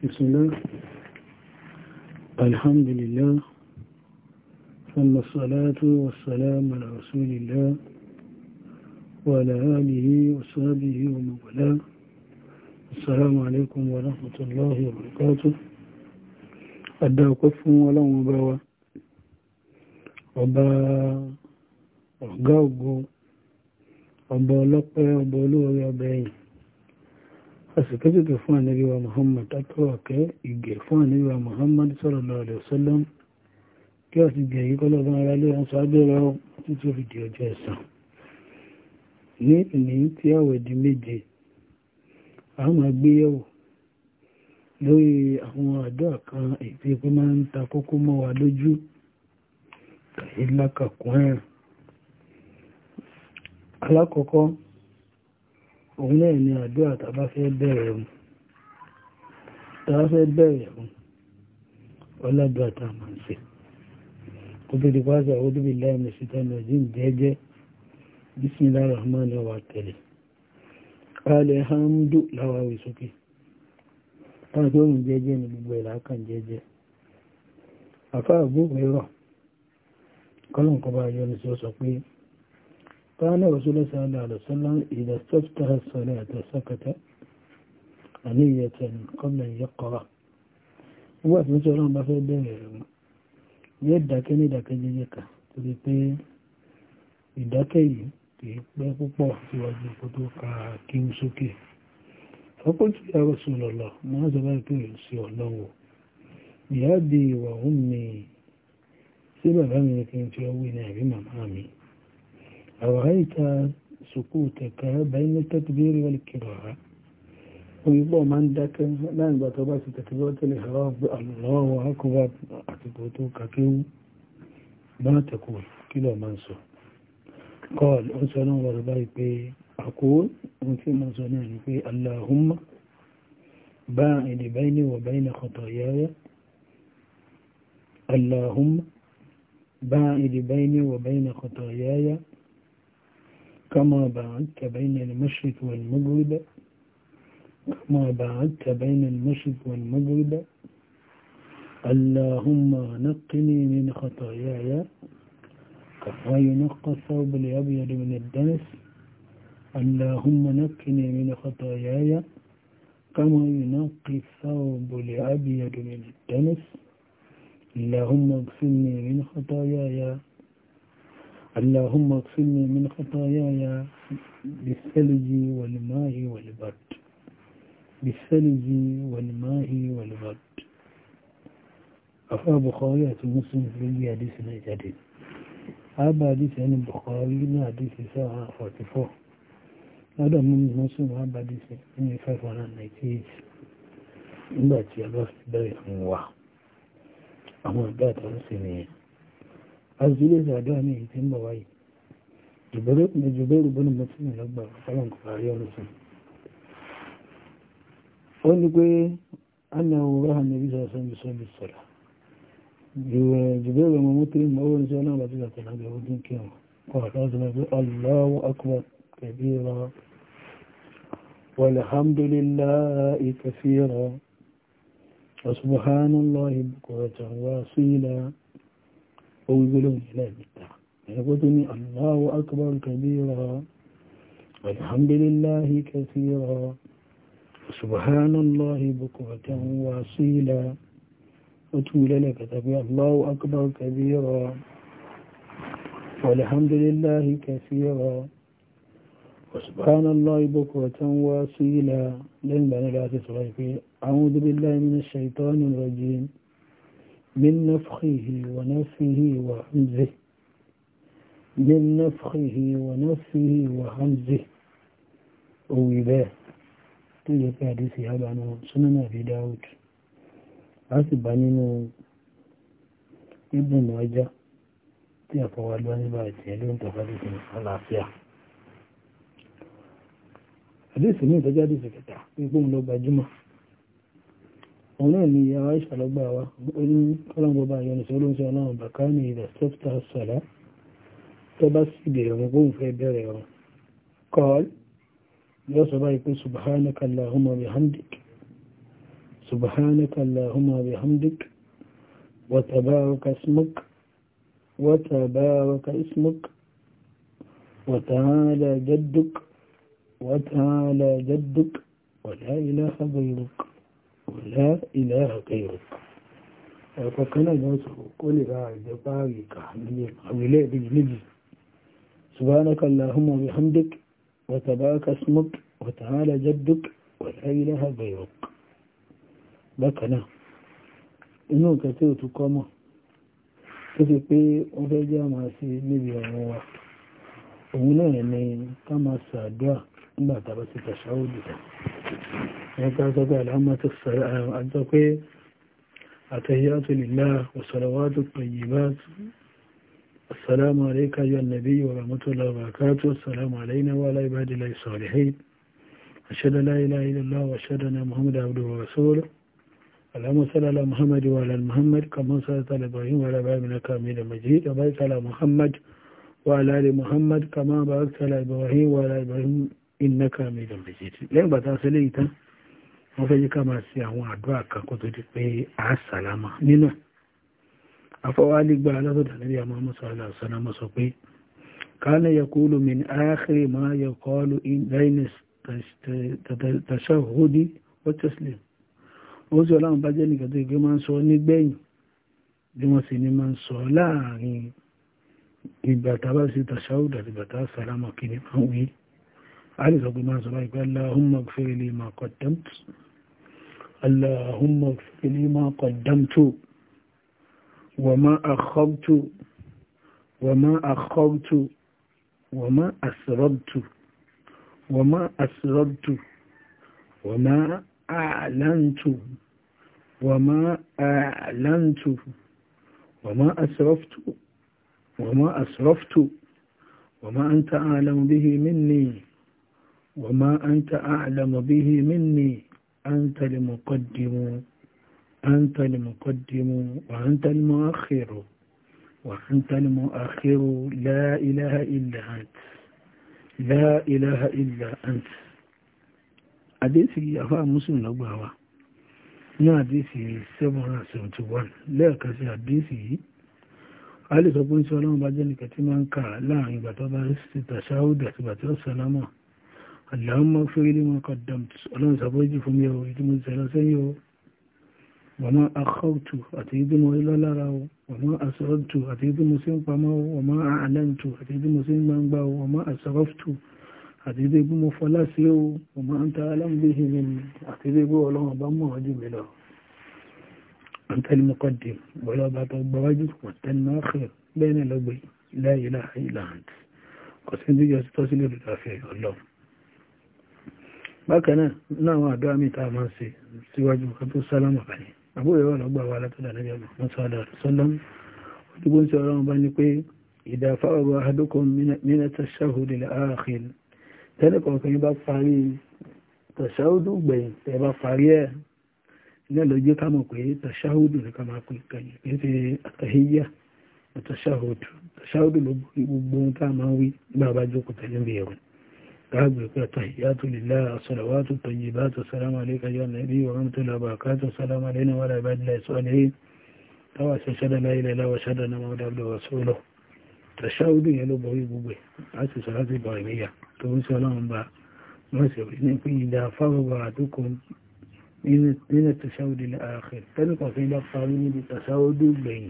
بسم الله الحمد لله ثم الصلاة والسلام على رسول الله وعلى آله وصحبه ومن والاه السلام عليكم ورحمة الله وبركاته أدعوكم ولا مباوى ọba ọ̀gá ògo ọba ọlọ́pẹ́ ọba olóorí ọba ẹ̀yìn àsìkẹ́sìkẹ́ fún ànábíwá muhammad akọ́wàkẹ́ ìgẹ̀ fún ànábíwá muhammad sallallahu alaihi wasallam kí a ti gẹ̀ yíkọ́ lọ́gbọ́n ara lé wọn sáábẹ́rẹ́ tí tó fi di ọjọ́ ẹ̀san ní ìní tí àwẹ̀ di méje a máa gbé yẹ̀wò lórí àwọn àdúrà kan èyí pé máa ń ta kókó mọ́ wa lójú kàyí lákàkún ẹ̀rùn alákọ̀ọ́kọ́ òun náà ni àdúrà tàbá fẹ́ bẹ̀rẹ̀ ẹ̀rùn tàbá fẹ́ bẹ̀rẹ̀ ẹ̀rùn ọlọ́dọ̀ àtàmà ń ṣe kò tó di pàṣẹ àwọn òdúbì láìmẹ̀ síta náà jí jẹ́jẹ́ bismillah rahman wa tẹ̀lé alhamdu láwáwí sókè táwọn tó ń jẹ́jẹ́ ní gbogbo ẹ̀lá kan sọ pé كان رسول الله صلى الله عليه وسلم إذا استفتح الصلاة سكت أنية قبل أن يقرأ wọ́n tí ó rán bá fẹ́ bẹ̀rẹ̀ rẹ̀ yẹ́ dákẹ́ ní ìdákẹ́ jẹ́jẹ́ ká torí pé ìdákẹ́ yìí kìí pẹ́ púpọ̀ síwájú kó tó ka kí ń sókè fọ́kútù yàrá sùn lọ́lọ́ máa sọ bá pé sí ọlọ́wọ́ ìyá di ìwà òun mi sí bàbá mi kí n fi ọwọ́ ní àbí màmá mi أرأيت سكوتك بين التكبير ويقول ويقوم عندك الآن بطباس تكبيرة الإحرام الله أكبر أكبرتك كيو ما تقول كيلو منصور قال وربي بي أقول وفي منصورين في اللهم باعد بيني وبين خطاياي اللهم باعد بيني وبين خطاياي كما بعدت بين المشرق والمغرب كما بعدت بين المشرق والمغرب اللهم نقني من خطاياي كما ينقى الثوب الأبيض من الدنس اللهم نقني من خطاياي كما ينقي الثوب الأبيض من الدنس اللهم اغفرني من خطاياي اللهم اغفرني من خطاياي بالثلج والماء والبرد بالثلج والماء والبرد أفا بخاري مسلم في حديث نجد أبا حديث عن البخاري لا حديث ساعة 44 هذا من مسلم أبا حديث من 598 nígbà tí a bá fi bẹ̀rẹ̀ fún wa àwọn azulé àdúrà ní èyí tí ń bọ̀ wáyé jùbẹ́rù bọ́nà mọ́sílẹ̀ lọ́gbà ọlọ́n kò parí ọlọ́sùn ó ní pé a ní àwòrán àmì ìbí sọ́sọ́ ní sọ́bí sọ́lá jùbẹ́rù ọmọ mọ́tí mọ́wọ́n sí ọlọ́run àti àtàlágbà ogun kí wọn kọ́ àtàlágbà pé Allahu akbar kabira walhamdulillahi kathira wa subhanallahi bukratan wa asila أول إلى بتاع يعبدني الله أكبر كبيرا والحمد لله كثيرا سبحان الله بكرة واصيلا وتولى لك تبي الله أكبر كبيرا والحمد لله كثيرا وسبحان الله بكرة واصيلا لن بنا لا أعوذ بالله من الشيطان الرجيم من نفخه ونفه وهمزه من نفخه ونفه وهمزه ويباه تيجي في حديث يابان سنن أبي داود أسبانين ابن ماجه tí àfọwà lọ nígbà ìtìyàn ló ń tọ́fàdé من تجاري سكتا يقوم ìtọ́jáde sí òun náà ni àwọn ìṣàlọ́gbà wa ó ní ọlọ́gbọ́bà yọnìsọ olóńsọ ọlọ́run bàkà ní ìdà sẹ́fìtà sọ̀lá tó bá sì bèèrè wọn bóun fẹ́ bẹ̀rẹ̀ wọn kọ́ọ̀l yóò sọ báyìí pé subhanaka allahumma bihamdik subhanaka allahumma bihamdik wa tabaraka ismuk wa tabaraka ismuk wa ta'ala jadduk wa ta'ala jadduk wa la ilaha ghayruk la ilaha ghayruk ẹ̀kọ́ kan náà yóò sọ kó lè ra ìjẹ páàrí kà nílé àwílẹ̀ ìdíjì méjì subhanaka allahumma wa bihamdik wa tabaraka ismuk wa ta'ala jadduk wa la ilaha ghayruk bákan náà inú nǹkan tí ó tó fi pé wọ́n fẹ́ jẹ́ àmà sí níbi ọ̀rọ̀ wa òun náà ni ká máa ṣàdúrà nígbà tá a bá ti dìtà فهذا العمة الزكية التهيئات لله وصلوات الطيبات السلام عليك يا النبي ورحمة الله وبركاته السلام علينا وعلى عباد الله الصالحين أشهد لا إله إلا الله وأشهد أن محمد عبده ورسوله اللهم صل على محمد وعلى محمد كما صليت على إبراهيم وعلى إبراهيم إنك حميد مجيد وبارك على محمد وعلى آل محمد كما باركت على إبراهيم وعلى إبراهيم إنك حميد مجيد wọ́n fẹ́ yí ká máa ṣe àwọn àdúrà kan kó tó di pé a sàlámà nínú afọwálégbà alásọ̀dà níbi àmọ́ sọ́lá sọ́lámọ́ sọ pé kana yaqulu min akhiri ma yaqulu bayna tashahhudi wa taslim ó sì ọlọ́run bá jẹ́ nìkan tó ìgbé máa ń sọ nígbẹ̀yìn bí wọ́n sì ní máa ń sọ láàrin ìgbà tá sí tashahhud àti ìgbà tá sàlámà kí wí علي رضي الله عنه قال اللهم اغفر لي ما قدمت اللهم اغفر لي ما قدمت وما أخرت وما أخرت وما أسررت وما أسررت وما أعلنت وما أعلنت وما أسرفت وما أسرفت وما أنت أعلم به مني وما أنت أعلم به مني أنت المقدم أنت المقدم وأنت المؤخر وأنت المؤخر لا إله إلا أنت لا إله إلا أنت حديثي أفا مسلم لبعوة ní àdísì 771 lẹ́ẹ̀kan sí àdísì yìí a lè sọ pé ń sọ ọlọ́run bá jẹ́ nìkan tí máa ń kà láàrin ìgbà tó bá sí tàṣáhùdà àti ìgbà tí ó sàlámà Allahumma fẹ́rẹ́ lé wọn kọ̀dọ̀mtù ọlọ́run sàbọ́jì fún mi ọ̀rọ̀ ìdí mo sẹ̀lọ sẹ́yìn o wọ̀mọ́ akhawtu àti ìdí mo rí lọ́lára o wọ̀mọ́ asrartu àti ìdí mo sí ń pamọ́ o wọ̀mọ́ a'lantu àti ìdí mo sí ń gbangba o wọ̀mọ́ asraftu àti ìdí mo fọlá sí o wọ̀mọ́ anta a'lamu bihi minni àti ìdí ọlọ́run bá mọ̀ ọdún mi lọ. أنت المقدم ولا بعد الضواجر وأنت المآخر بين لبي لا إله إلا أنت قسم بي يستوصل بالعافية الله bákan náà náà àwọn àdúrà mi tá a máa ń ṣe síwájú kan tó sálámà bá ní àbúrò wọn lọ́gbà wa látọ̀dà níbi àmọ́ wọn sọ́dà sọ́lọ́m ojúgbó ń sọ ọlọ́run bá ní pé ìdáfà ọ̀rọ̀ ahadukum mina tashahhud al-akhir tẹ́lẹ̀ kọ̀ọ̀kan yìí bá parí tàṣáhùdù gbẹ̀yìn tẹ́ láàgbẹ̀kẹ́ tàhíyàtò lílá àṣàlàwàtò tàyíbá tó sálámà alékàyà nàbí wa mọ́tòlá bàkátò sálámà lẹ́nà wà láìbá ilẹ̀ ìsọ́lẹ̀ tàwà ṣẹṣẹ́dà láìlẹ̀ láwà ṣẹ́dà náà wọ́n dábdọ̀ wà sólọ̀ tàṣáwùdù yẹn ló borí gbogbo a sì sọ láti bọ̀ ìmìyà tó ń sọ láwọn bá wọ́n sì rí ní pé ìdá fáwọ́gbà àtúkọ nínú tàṣáwùdù láàkẹ́ tẹ́lùkọ̀ fi bá parí níbi tàṣáwùdù gbẹ̀yìn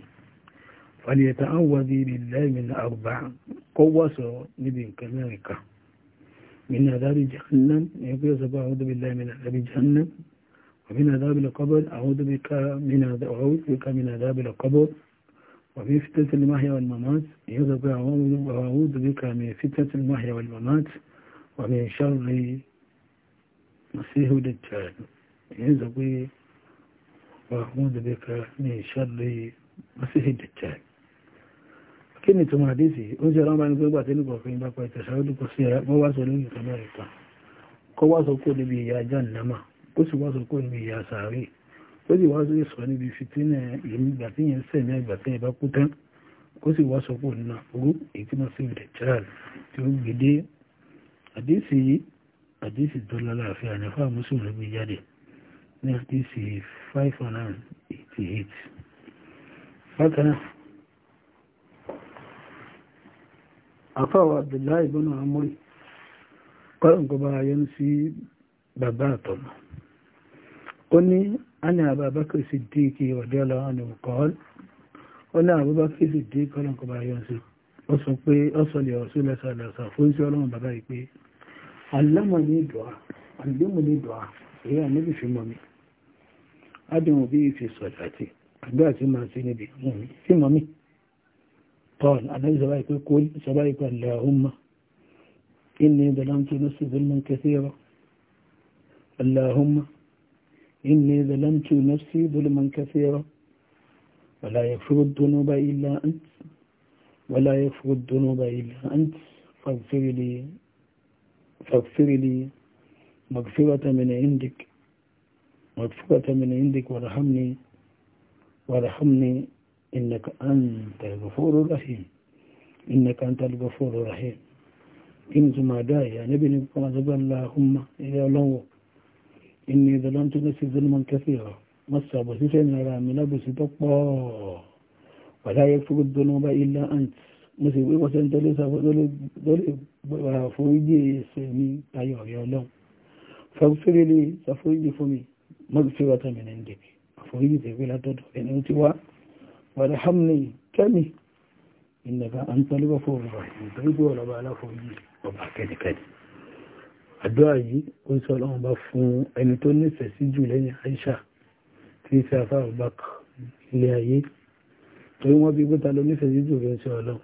fàlẹ̀ tàwọn wà bí ibi lẹ́yìn àrùbá kọ́wọ́sọ níbi nǹkan mẹ́rin kan من عذاب جهنم يقول سبحانه أعوذ بالله من عذاب جهنم ومن عذاب القبر أعوذ بك من أعوذ بك من عذاب القبر وفي فتنة المحيا والممات يذهب أعوذ بك من فتنة المحيا والممات ومن شر مسيح الدجال يذهب وأعوذ بك من شر مسيح الدجال kí ni túnmọ̀ àdísì ó ń ṣe ọ̀rọ̀ báyìí gbogbo àti nígbà òfin ìbápa ìtẹ̀sọ́dún kò sí ẹ̀rọ wá sọ lórí ìtàn mẹ́rin kan kó wá sọ kó níbi ìyà ajá nàmà ó sì wá sọ kó níbi ìyà sàárè ó sì wá sọ sọ níbi fìtínà ìgbà tí yẹn sẹ̀mí ìgbà tí yẹn bá kú tán afáwọ̀ abdullahi bọ́nà amúrí kọ́lọ̀nkọ́ bá yẹn sí bàbá àtọ̀mọ̀ ó ní ana àbábákẹ́ sí díkì ọjọ́ lọ́wọ́n ní kọ́ọ̀lù ó ní àbábákẹ́ sí díkì kọ́lọ̀nkọ́ bá yẹn sí ó sọ pé ó sọ lè ọ̀sùn lẹ́sàlẹ́sà fún sí ọlọ́run bàbá yìí pé alámọ̀ ní dùá àlùmọ̀ ní dùá èyí àníbi fi mọ̀ mi adùn òbí fi sọ̀dọ̀ àti àgbà tí màá sí níbi mọ̀ mi sí mọ̀ mi. قال النبي صلى الله عليه وسلم قل اللهم إني ظلمت نفسي ظلما كثيرا اللهم إني ظلمت نفسي ظلما كثيرا ولا يغفر الذنوب إلا أنت ولا يغفر الذنوب إلا أنت فاغفر لي فاغفر لي مغفرة من عندك مغفرة من عندك وارحمني وارحمني إنك أنت الغفور الرحيم إنك أنت الغفور الرحيم إن ثم داعي نبي نبقى اللهم إلى الله إني ظلمت نفسي ظلما كثيرا مصر بسيطين على من بسيطة ولا يكفر الذنوب إلا أنت مصر بسيطين تلسى فوجي سمي أيها يا الله فاغفر لي سفوجي فمي مغفرة من عندك فوجي تقول لا تدخل أنت warhamni kẹ́mi ìnàbà à ń tọ́lébà fún ọ̀rọ̀ ìgbẹ́gbẹ́ ọ̀rọ̀ bá aláfọ̀ọ́yì ọba kẹ́nikẹ́ni àdúrà yìí ó sọ ọlọ́run bá fún ẹni tó nífẹ̀ẹ́ sí jù lẹ́yìn Aisha tí í ṣe afá ọ̀bák ilé ayé torí wọ́n bí gbọ́ta lọ nífẹ̀ẹ́ sí jù rẹ̀ sí ọlọ́run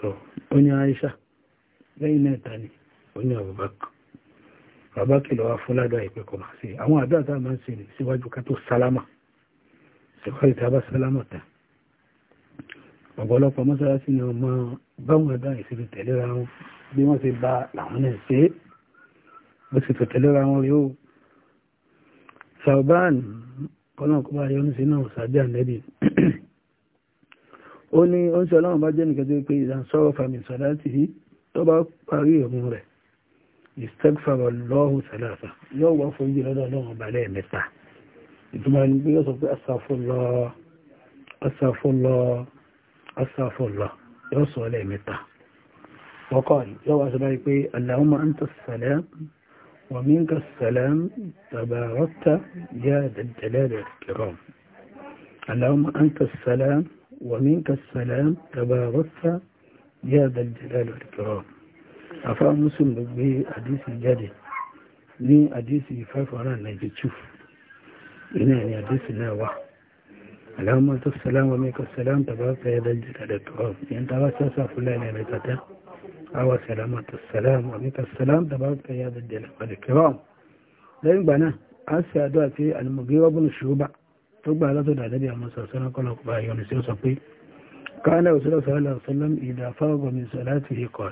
sọ ó ní Aisha lẹ́yìn náà ta ni ó ní ọ̀bák ọ̀bák lọ́wọ́ fún ládàá ìpẹ́kọ̀ máa ṣe àwọn àdúrà tá a máa ń ṣe síwájú ká tó sálámà ẹ̀kọ́ ìtaba sálámọ̀tà ọ̀pọ̀lọpọ̀ mọ́sálásí ni ọmọ báwọn ẹ̀dá ìṣèlú tẹ̀léra wọn bí wọ́n ti bá làwọn náà ṣe bó ti tẹ̀léra wọn rí ó Sauban kọ́nà kó bá yọ ní sínú sàbí ànẹ́bì ó ní ó ń sọ ọlọ́run bá jẹ́ nìkan tó pé ìdá sọ́rọ̀ fàmì sọ̀dá ثم يصف bí الله sọ الله astaghfirullah الله astaghfirullah عليه متى وقال وقال يوعى بي اللهم أنت السلام ومنك السلام تباركت يا ذا الجلال والكرام اللهم أنت السلام ومنك السلام تباركت يا ذا الجلال والكرام أفهم مسلم بحديث الجديد ni نجد شوف iná ẹni àdísì náà wà aláwọ̀mọ́tò sàlámù ọmọkọ̀ sàlámù tàbá fẹ́ẹ́dá jìdàdà tó ọ̀ ní tàbá sọ́sà fúlẹ̀ ní ẹ̀rẹ́ tàtà àwà sàlámọ́tò sàlámù ọmọkọ̀ sàlámù tàbá fẹ́ẹ́dá jìdàdà pàdùkẹ́wà lẹ́yìn gbà náà a ṣe àdúrà sí Al-Mughira ibn Shu'ba tó gbà látọ̀dọ̀ àdẹ́bí àwọn sọ̀sọ́nà kọ́lọ̀kọ́ ayọ́nù sí ó sọ pé káàlẹ̀ òṣèlú sọ́lá ọ̀sọ́lá ìdá fáwọ́gọ̀ mi sọ láti ikọ̀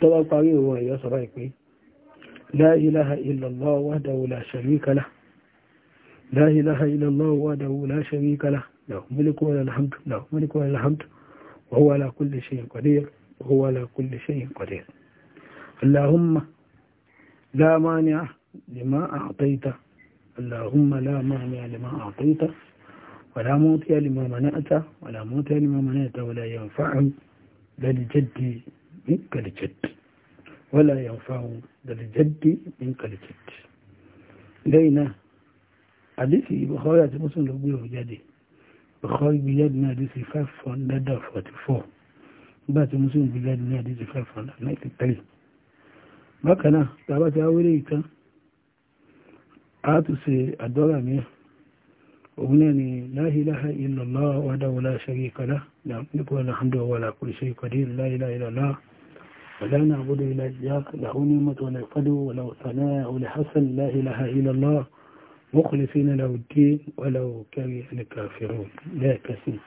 tó bá parí òun ẹ̀yọ́ sọ báyìí pé la ilaha illallah wahdahu la sharika lahu لا إله إلا الله وحده لا شريك له له ملك ولا الحمد له ملك ولا الحمد وهو على كل شيء قدير وهو على كل شيء قدير اللهم لا مانع لما أعطيت اللهم لا مانع لما أعطيت ولا موتي لما منعت ولا موتي لما منعت ولا ينفع للجد منك الجد ولا ينفع للجد منك الجد لينا حديث بخاري مسلم لبيه جدي بخاري بلاد نادي سفاف فندا فاتي فور بات مسلم بلاد نادي سفاف فندا نايت التالي ما كان تابت أولي كان آتو سي أدوغا مي وبناني لا إله إلا الله وحده لا شريك له لا ملك ولا حمد ولا كل شيء قدير لا إله إلا الله ولا نعبد إلا إياك له نعمة ولا فضل ولا ثناء ولا حسن لا إله إلا الله مخلصين له الدين ولو كره الكافرون يعني لا كثير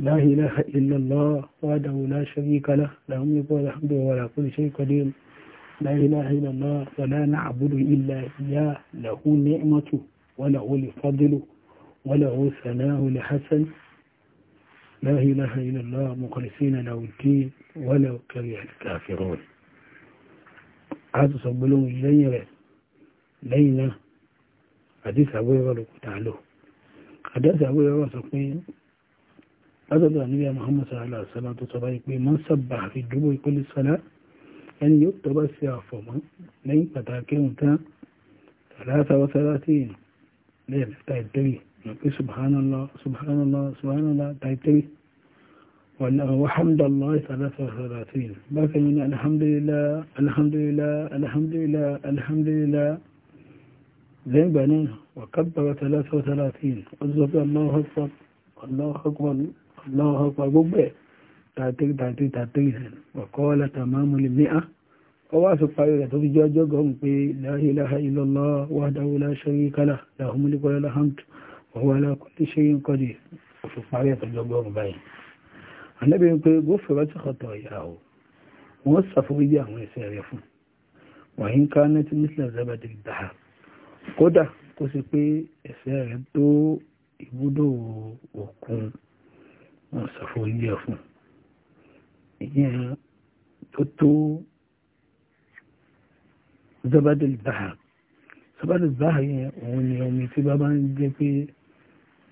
لا إله إلا الله وحده لا شريك له له الملك والحمد ولا كل شيء قدير لا إله إلا الله ولا نعبد إلا إياه له نعمته وله الفضل وله ثناء الحسن لا إله إلا الله مخلصين له الدين ولو كره الكافرون يعني هذا صبلون جيرة ليلة حديث أبو يرى لك له حديث أبو يرى سقين أدد النبي محمد صلى الله عليه وسلم تصبعك بي من سبح في الجبو كل الصلاة أن يكتب السيافهما لين فتاكيهم تا ثلاثة وثلاثين لين تايتبي سبحان الله سبحان الله سبحان الله تايتبي وحمد الله ثلاثة وثلاثين باقي من الحمد لله الحمد لله الحمد لله الحمد لله lẹ́yìn ìgbà náà wàkàbàrà tẹ́lẹ́sẹ̀ tẹ́lẹ́sìn ọjọ́ pé aláhọ́pàá gbogbo ẹ̀ tààtìrì tààtìrì tààtìrì wàkọ́ọ́lá tàmáàmù lè ní á ó wá sí parí rẹ̀ tó fi jẹ́ ọjọ́ gọ́ọ̀mù pé la ilaha illallah wahdahu la sharika lahu lahul mulku wa lahul hamdu wa huwa ala kulli shay'in qadir ó fi parí ẹ̀ tó jọ gọ́ọ̀mù báyìí ànábì ń pé gófìrọ́ ti kọ̀tọ̀ ìyá o wọ́n ṣàforíjì àwọn ẹ̀ṣẹ̀ rẹ̀ fún wàyínká nẹ́tí mísìlẹ̀ zẹ́bẹ̀dì dáhàk kódà kó sì pé ẹ̀ṣẹ̀ rẹ̀ tó ibùdó òkun wọn ṣàforíjì fún ìyẹn tó tó zabadil baha zabadil baha yẹn òun ni omi tí bá bá ń jẹ́ pé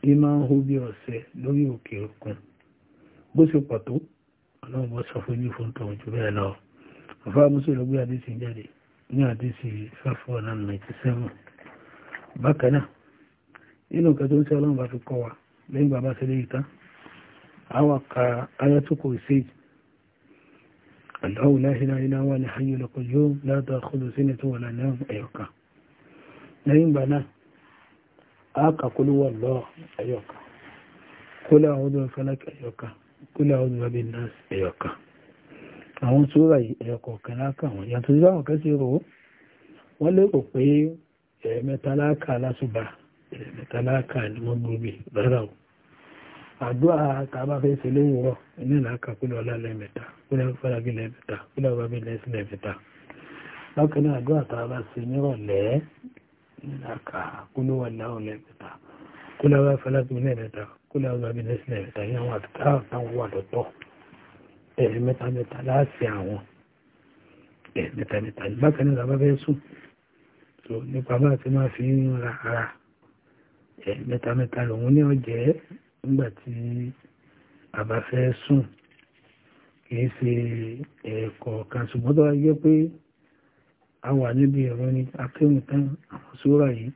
ní máa ń hó bí ọ̀sẹ̀ lórí òkè òkun bó ṣe pọ̀ tó ọlọ́run bọ́ ṣàforíjì fún tọ̀hún jù bẹ́ẹ̀ lọ àfáà mùsùlùmí àdìsí jáde ní àdìsí 597 bákan náà nínú nǹkan tó ń sẹ́ ọlọ́run bá fi kọ́ wa lẹ́yìn bàbá sílé yìí tán àwọn ka ayatò kò sí Allahu la ilaha illa huwa al-hayyul qayyum la ta'khudhuhu sinatun wa la nawm ẹ̀yọ̀kan lẹ́yìn ìgbà náà a kà qul huwallahu ẹ̀yọ̀kan qul a'udhu bi falaq ẹ̀yọ̀kan qul a'udhu bi rabbin nas ẹ̀yọ̀kan àwọn sóra rò pé ẹ̀ẹ̀mẹ́ta eh, láàkà lásùbà ẹ̀ẹ̀mẹ́ta eh, láàkà ni wọ́n gbóbi rárá o àdúrà tàbá fẹ́ ṣe lóhùn rọ̀ ní ìlàkà kúlẹ̀ ọ̀la lẹ́ẹ̀mẹ́ta kúlẹ̀ fẹ́ragí lẹ́ẹ̀mẹ́ta kúlẹ̀ ọba bíi lẹ́sìn lẹ́ẹ̀mẹ́ta bákan náà àdúrà tàbá ṣe nírọ̀lẹ́ ìlàkà kúlẹ̀ wà láhùn lẹ́ẹ̀mẹ́ta kúlẹ̀ ọba fẹ́ragí lẹ́ẹ̀mẹ́ta kúlẹ̀ ọba bíi lẹ́sìn lẹ́ẹ̀mẹ́ta ní àwọn àtúntà táwọn wà lọ́tọ̀ ẹ̀ẹ̀mẹ́ta eh, mẹ́ta láàṣẹ àwọn ẹ̀ẹ̀mẹ́ta mẹ́ta bákan náà tàbá fẹ́ sùn so nípa bá ti máa fi ń ra ara ẹ mẹ́ta mẹ́ta lòun ní ọ̀jẹ́ nígbà tí a bá fẹ́ sùn kìí ṣe ẹ̀ẹ̀kọ̀ọ̀kan ṣùgbọ́n tó yẹ pé a wà níbi ẹ̀rọ ni akéwìn tán àwọn sóra yìí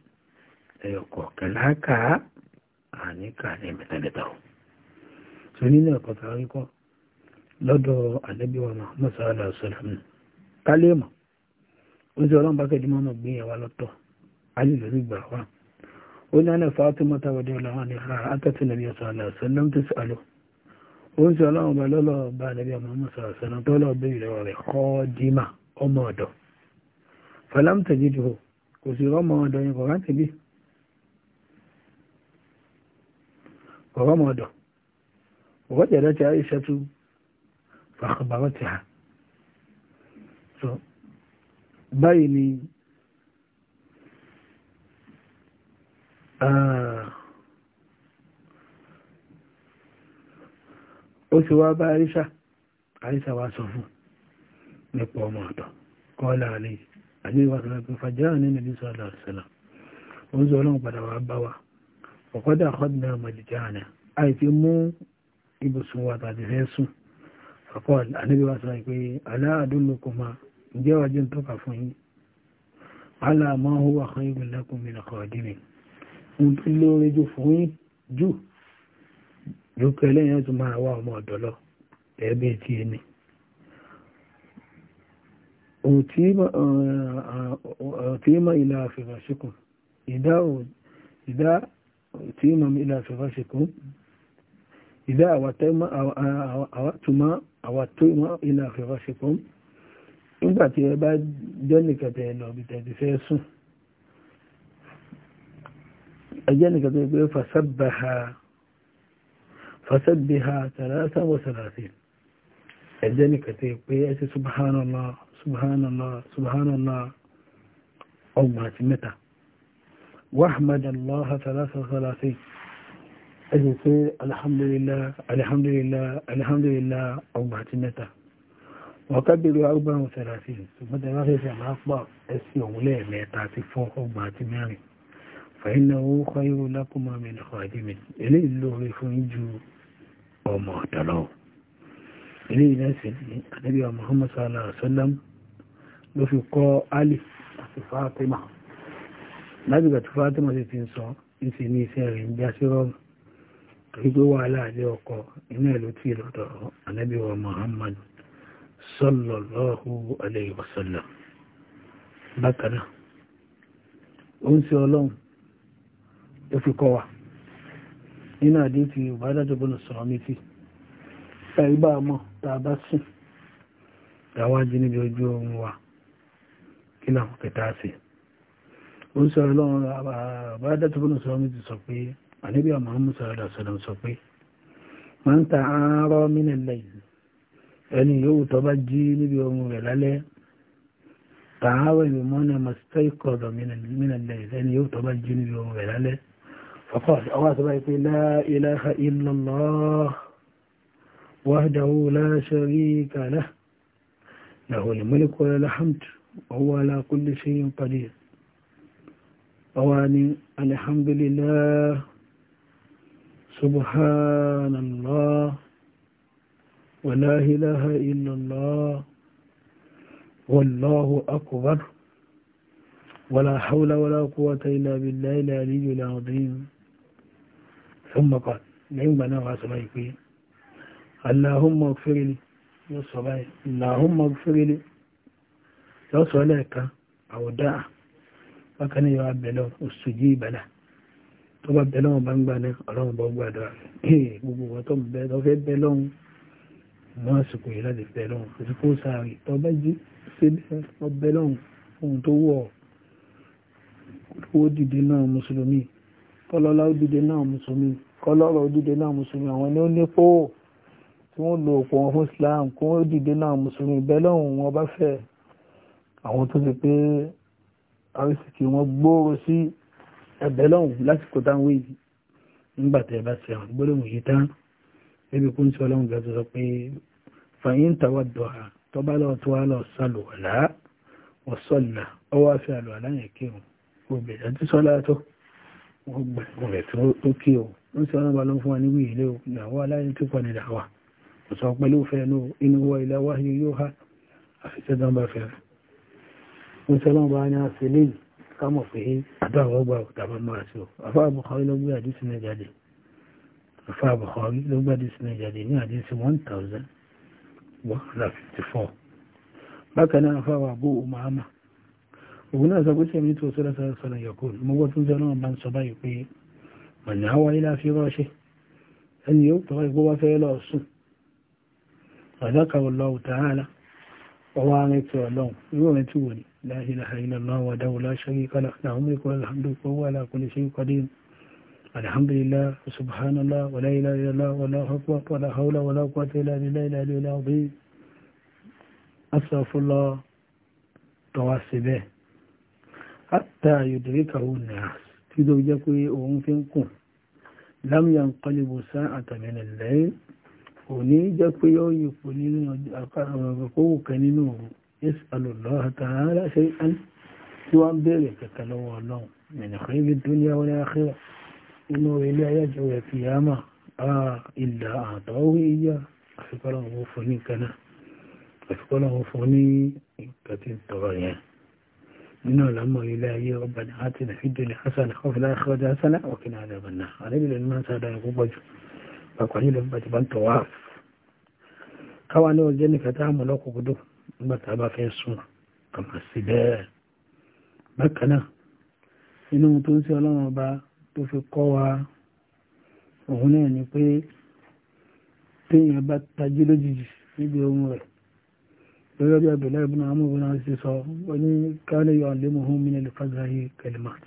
so nínú lọdọ oúnjẹ ọlọ́run bá kẹjọ mọ́mọ́ gbé yẹn wá lọ́tọ̀ alì lórí ìgbà wa ó ní àná Fatima tàwọ̀dé ọlọ́run ní ara atẹ́tì nàbí ọ̀sán àlẹ́ ọ̀sán ló ń tẹ̀sí àlọ́ oúnjẹ ọlọ́run bá lọ́lọ́ bá nàbí báyìí ni ah, ó sì wá bá àríṣà àríṣà wá sọ fún nípa ọmọ ọ̀dọ̀ kọ́lá alẹ́ àgbéwà sọ pé fàjá ní nàbí sọ́lá ọ̀sẹ̀lá ó ń sọ ọlọ́run padà wá bá wa ọ̀kọ́dà ọ̀kọ́dà mọ̀lìjà ǹjẹ́ wàá jẹ́ ń tọ́ka fún yín aláàmọ́ owó àkọ́yìnbó lẹ́kùn mi lọ́kọ̀ ọ̀dínì ń tún lóore jù fún yín jù jù kẹlẹ́ yẹn tún máa wá ọmọ ọ̀dọ́ lọ ẹ̀ẹ́bẹ̀ tí ẹ ní òtíma ilá àfẹ́fàṣíkùn ìdá òtíma ilá àfẹ́fàṣíkùn ìdá àwàtúmá ilá àfẹ́fàṣíkùn nígbà tí ẹ bá jẹ́nìkan tẹ lọ bí tẹ̀lé fẹ́ sùn ẹjẹ́nìkan tẹ gbé ha tàrátà wọ sàrátì ẹjẹ́nìkan tẹ pé ẹ sí subhanallah subhanallah subhanallah ọgbọ̀n àti mẹ́ta wàhmàdàlá tàrátà wọ sàrátì ẹjẹ́ pé alhamdulillah alhamdulillah alhamdulillah ọgbọ̀n àti mẹ́ta ọ̀kẹ́bìrì arúgbáhùn sẹ̀rẹ̀sì ṣùgbọ́n tẹ́lá fẹ́fẹ́ àlápá ẹ̀sì ọ̀hún lẹ́ẹ̀mẹ́ta àti fún ọgbà àti mẹ́rin fàínà owó kọ́yọ́ lápùmọ́ mi lọ́kọ̀ àdìmí eléyìí lóore fún ju ọmọ ọ̀dọ́lọ́ eléyìí náà sì ní ànábì Muhammad sallallahu alaihi wasallam ló fi kọ́ Ali àti Fatima lábìgbà tí Fatima sì ti ń sallallahu alayhi wa sallam bákaná ó ń ṣe ọlọ́run ó fi kọ́ wa nínú àdífi ìbádájọ́bọ̀nà sọ̀rọ̀ mi tí ẹgbà mọ́ tàbá sùn dáwájí níbi ojú ohun wa kí láwọn kẹta sí ó ń ṣe ọlọ́run àbádájọ́bọ̀nà sọ̀rọ̀ mi sọ pé àníbíà Muhammad sallallahu alayhi wa sọ pé man ta'ara min al-layl ẹni yóò tọ́ bá jí níbi ọmọ rẹ̀ lálẹ́ tààwẹ̀ mọ́nà mọ̀sítọ́ mínàlẹ̀ فقال لا إله إلا الله وحده لا شريك له له الملك الحمد وهو على كل شيء قدير أواني الحمد لله سبحان الله ولا إله إلا الله والله أكبر ولا حول ولا قوة إلا بالله العلي العظيم ثم قال نعم نوع سميكي اللهم اغفر لي يصبعي اللهم اغفر لي يصبع لك أو دع فكان يعب له استجيب له tó bá bẹ̀lọ́wọ̀n bá ń gbà ní ọlọ́run bọ́ gbàdọ̀ gbogbo wọn tó bẹ̀lọ́wọ̀n lọ́sùkò yìí láti bẹ̀ lọ́hùn òsìkò sáré tọ́bẹ́ jí síbẹ̀ ọbẹ̀ lọ́hùn ohun tó wọ̀ owó dìde náà mùsùlùmí kọlọ́lá ó dìde náà mùsùlùmí kọlọ́rọ̀ ó dìde náà mùsùlùmí àwọn ni ó ní pò tí wọ́n lo òpó wọn fún Islam kí wọ́n dìde náà mùsùlùmí bẹ́ẹ̀ lọ́hùn wọn bá fẹ́ àwọn tó ti pé àrísìkì wọn gbòòrò sí ẹ̀bẹ̀ lọ́hùn lásìkò táwọn yìí nígbà tẹ́ bá ṣe àwọn gbólóhùn yìí tán ebi kún sí ọlọ́run gbà tó sọ pé fàyín tàwa dọ̀ha tó bá lọ tó wá lọ sálò ọ̀lá ọ̀sọ́là ọwọ́ àfi àlọ́ aláyẹ̀ kí òun obìnrin àti sọ́lá tó wọ́n gbà ọ̀rẹ́ tó kí òun ó sì ọlọ́run bá ló ń fún wa níbi ìlé o ìyàwó aláyẹ̀ tó pọ̀ nílà wa àfà Bukhari ló gbádìí sínú ìjáde ní àdísí 1154 bákan náà àfà Abu Umama òun náà sọ pé sẹ́mi tó sọ́rọ̀ sọ́rọ̀ sọ́rọ̀ yẹ̀kọ́ mọ́gbọ́ tún jẹ́ náà bá ń sọ báyìí pé mọ̀nà àwọ̀ ilá fi rọ́ṣẹ́ ẹni yóò tọ́ ìgbó wá fẹ́ lọ sùn ọ̀dọ́kàwọ̀ lọ́wọ́ tààlà ọwọ́ arìn tí ọlọ́run irú rẹ̀ tí wò ní la ilaha illallah wahdahu la sharika lahu lahul mulku wa lahul hamdu wa huwa ala kulli shay'in qadir الحمد لله سبحان الله ولا إله إلا الله ولا حفظ ولا حول ولا قوة إلا بالله إلا الله العظيم أصرف الله تواسبه حتى يدركه الناس تدو يكوي وانفنكم لم ينقلب ساعة من الليل وني جكوي ويقنين ويقوه كنينوه يسأل الله تعالى شيئا سوى بيلك تلوى الله من خير الدنيا والآخرة inú ilé ayájọ́ rẹ̀ kìyàmà ìlà àtọ́wé yá àfikọ́lọ̀ wọn fún ní nǹkan náà àfikọ́lọ̀ wọn fún ní nǹkan tí ń tọrọ yẹn nínú ìlàmọ̀ ilé ayé ọba ní àti nàfíjọ́lẹ̀ hasana ọ̀fìlà àkọ́jà hasana ọ̀kìnà àdàbànà àdébìlẹ̀ ní máa ń sáadà ẹ̀kọ́ pọ̀jù pàpà nílẹ̀ bá bá ń tọ̀wá káwa náà jẹ́ nìkan tá a mọ̀ nígbà tá a bá fẹ́ sùn kàmà sí bẹ́ẹ̀ bákan náà inú tó ń sí ọlọ́run ọba tó fi kọ́ wa òun náà ni pé téèyàn bá tají lójijì níbi ohun rẹ̀ lórí ọjọ́ ìbílẹ̀ ìbúná amóhùnà sí sọ wọ́n ní káàlẹ̀ yọ àlémùhún mi nílùú fásitì kẹlìmọ́t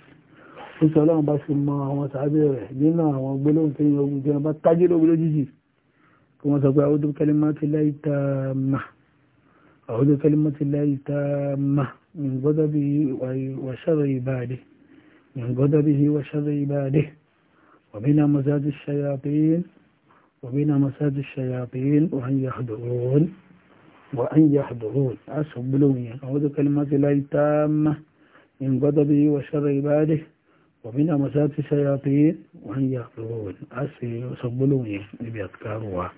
ó sọ ọlọ́run bá fi mọ àwọn sàábẹ̀ rẹ̀ nínú àwọn gbólóhùn tí yóò gbé ọba tají lójijì kí wọ́n sọ pé àwọn ọdún kẹlìmọ́tì láì tá mà àwọn ọdún kẹlìmọ́tì láì tá mà ní bí wàṣàrò ìbáàdì من غضبه وشر عباده وبنا مزاج الشياطين وبنا مزاج الشياطين وأن يحضرون وأن يحضرون اسف بلوني أعوذ كلمات الله التامة من غضبه وشر عباده ومن أمسات الشياطين وأن يحضرون أسهم بلوني نبي أذكارها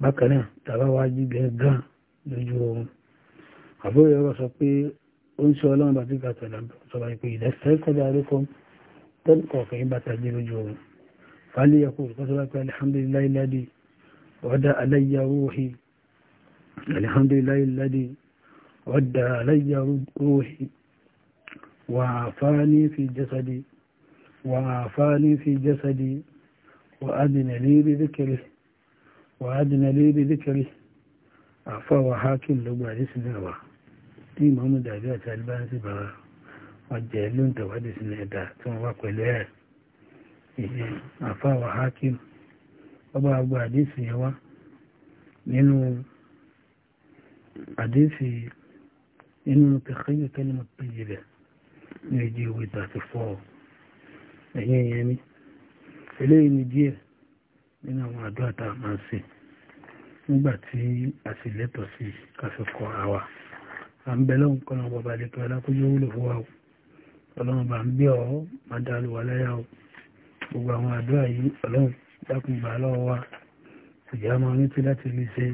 بكنا ترى واجب يجا نجوم أبو يرسطي ان شاء الله تبقى تلعب هتعلم طبعا يكون اذا استيقظ عليكم تلقى فإما تهدي وجوههم فليقول قصرك الحمد لله الذي ودى علي روحي الحمد لله الذي ودى علي روحي وعافاني في جسدي وعافاني في جسدي وأذن لي بذكره وأذن لي بذكره عفا وحاكم لبعض سنوات tí ìmọ̀mù dàbí àti alibáńsì bá wọn jẹ́ lóǹtẹ̀wádìí sínú ẹ̀dà tí wọ́n wá pẹ̀lú ẹ̀ ìṣe àfáwà hakim ọba àgbà àdísì yẹn wá nínú àdísì inú tẹ̀kẹ́yù kẹ́lẹ́mù péjì rẹ̀ ní èjì ìwé 34 ẹ̀yìn ìyẹn ni eléyìí ni díẹ̀ nínú àwọn àdúrà tá a máa ń ṣe nígbà tí a sì lẹ́tọ̀ọ́ sí káfíkọ́ àwa à ń bẹ lọ́hùn kọ́nà bàbá lè tọ́ alákójú wúlò fún wa o ọlọ́run bá ń bí ọ má dálù wà láyà o gbogbo àwọn àdúrà yìí ọlọ́run dákun lọ́wọ́ wa ìyá máa ń tí láti rí ṣe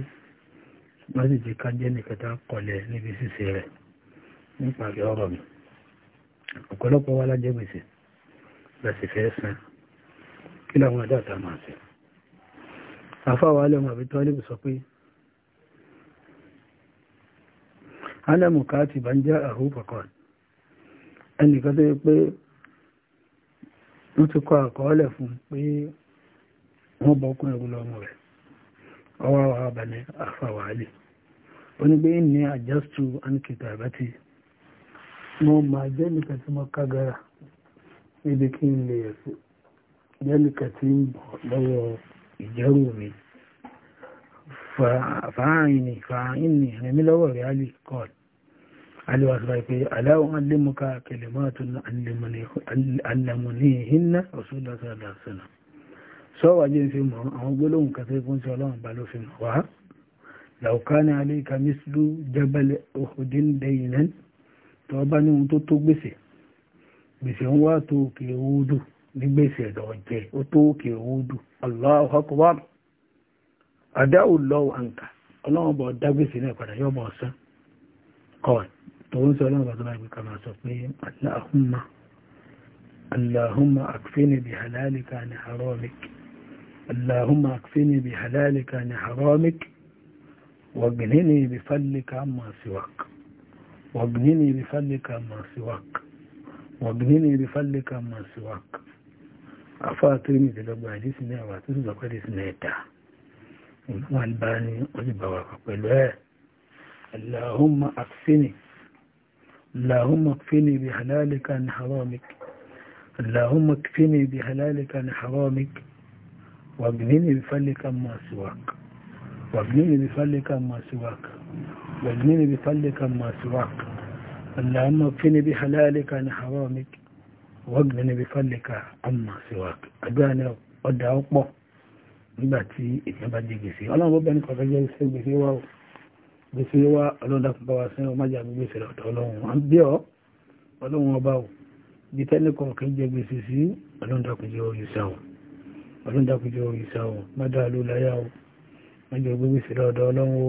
má sì jẹ́ ká jẹ́ nìkẹta kọlẹ̀ níbi ṣíṣe rẹ̀ nípàdé ọ̀rọ̀ mi ọ̀pọ̀lọpọ̀ wa lájẹ́ gbèsè láti fẹ́ san kí làwọn adáta máa ṣe afáwa alẹ́ ọmọ àbítọ́lẹ́bù sọ pé ánàmùká ti bá ń jẹ́ àhúfọ̀kọ́n ẹnìkan tó yẹ pé wọ́n ti kọ àkọọ́lẹ̀ fún pé wọ́n bọ́ kún ẹ̀rù lọ́mọ rẹ̀ ọwọ́ àwọn abàní àfàwálì ó ní pé ní àjẹ́sù ankita àbátí mo máa jẹ́ nìkan tí mo kágara níbi kí n lè jẹ́ nìkan tí ń bọ̀ lọ́wọ́ ìjẹ́rù mi fàáyìn ni fàáyìn ni rẹ̀mí lọ́wọ́ rẹ̀ alì aliwa sọ pé aláwọ̀ alẹ́mùká kẹlẹ̀mọ́tún alẹ́mùníhìnà ọ̀sọ́lá sọ́lá sọ́lá sọ́wà jẹ́ fi mọ̀ àwọn gbólóhùn kẹfẹ́ fún sí ọlọ́run bá ló fi mọ̀ wá laukani alika mislu jabal ohudin dayinan tó bá ní ohun tó tó gbèsè gbèsè ń wá tó òkè owódù ní gbèsè lọ jẹ ó tó Allahu akbar adáhùn lọ́wọ́ àǹkà bọ̀ dá náà padà yọ́ bọ̀ ọ̀sán kọ́ọ̀nù tòun sọ ọlọ́run bàtọ́ báyìí ká máa sọ pé aláhùnmá aláhùnmá àkfíní bí halálíkà ní haramik aláhùnmá àkfíní bí halálíkà ní haramik wàgbìnínì bí fálíkà máa síwák wàgbìnínì bí fálíkà máa síwák wàgbìnínì bí fálíkà máa síwák afá tómi ìdílọ́gbà àdísì náà wà tó sì sọpẹ́ àdísì náà dá ìmú àlbáni ó sì bá wà pẹ̀lú ẹ̀ aláhùnmá àkfíní اللهم اكفني بحلالك عن حرامك اللهم اكفني بحلالك عن حرامك واجنني بفلك ما سواك واجنني بفلك ما سواك واجنني بفلك ما سواك اللهم اكفني بحلالك عن حرامك واجنني بفلك عما سواك أجاني ọ̀dà ọ̀pọ̀ nígbàtí ìjọba jẹ gbèsè ọlọ́run bọ́bẹ̀ ní kọ̀ọ̀kan gbèsè wá ọlọ́dà fún báwa sẹ́yìn ọmọ ìjà gbèsè rẹ̀ ọ̀tọ̀ ọlọ́run wọn bí ọ ọlọ́run ọba ò bí tẹ́lẹ̀ kọ̀ọ̀kan jẹ gbèsè sí ọlọ́dà kò jẹ́ òyìṣà ò ọlọ́dà kò jẹ́ òyìṣà ò mọ́dà ló láyà ò mọ́jọ gbèsè rẹ̀ ọ̀dọ̀ ọlọ́run ò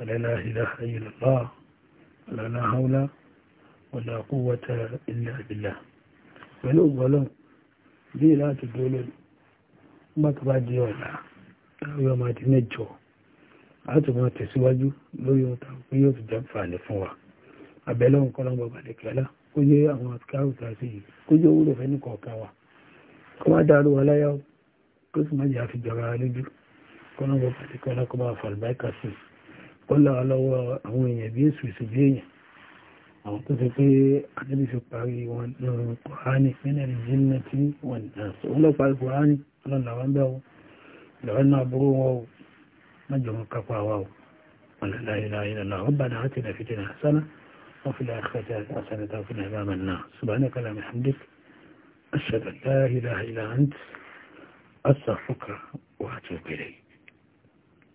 ọ̀lẹ́lá ìlà ayélujára ọ̀làlá haúlá ọ̀là quwwata illa billah pẹ̀lú ògbọ́lọ́n bí láti dúró lónìí nígbà bá di ọ̀la láwọn ọmọ a tún máa tẹ̀síwájú lórí ohun tàbí pé yóò fi jẹ́ fààní fún wa àbẹ̀lẹ̀ ohun kọ́ lọ́gbọ̀n balẹ̀kẹ́lá kó yé àwọn àtikáwù tá a sì yìí kó yé owó lòfẹ́ nìkan ọ̀kan wa kó má dá lówó aláyá kó sì má jẹ́ àfijọra lójú kọ́ lọ́gbọ̀n balẹ̀kẹ́lá kó máa fàlùbáìkà sí i kó lọ́wọ́ lọ́wọ́ àwọn èèyàn bí èsù èsù bí èèyàn àwọn tó ṣe pé anábì fi parí wọn lọ́rùn kọ́hání nínú ìjìnlẹ̀ tí wọ́n ń dà sí wọ́n lọ́wọ́ مجهم كفاواه ولا لا إله إلا الله ربنا آتنا في الدنيا حسنة وفي الآخرة حسنة وفي عذاب النار سبحانك اللهم وبحمدك أشهد أن لا إله إلا أنت أستغفرك وأتوب إليك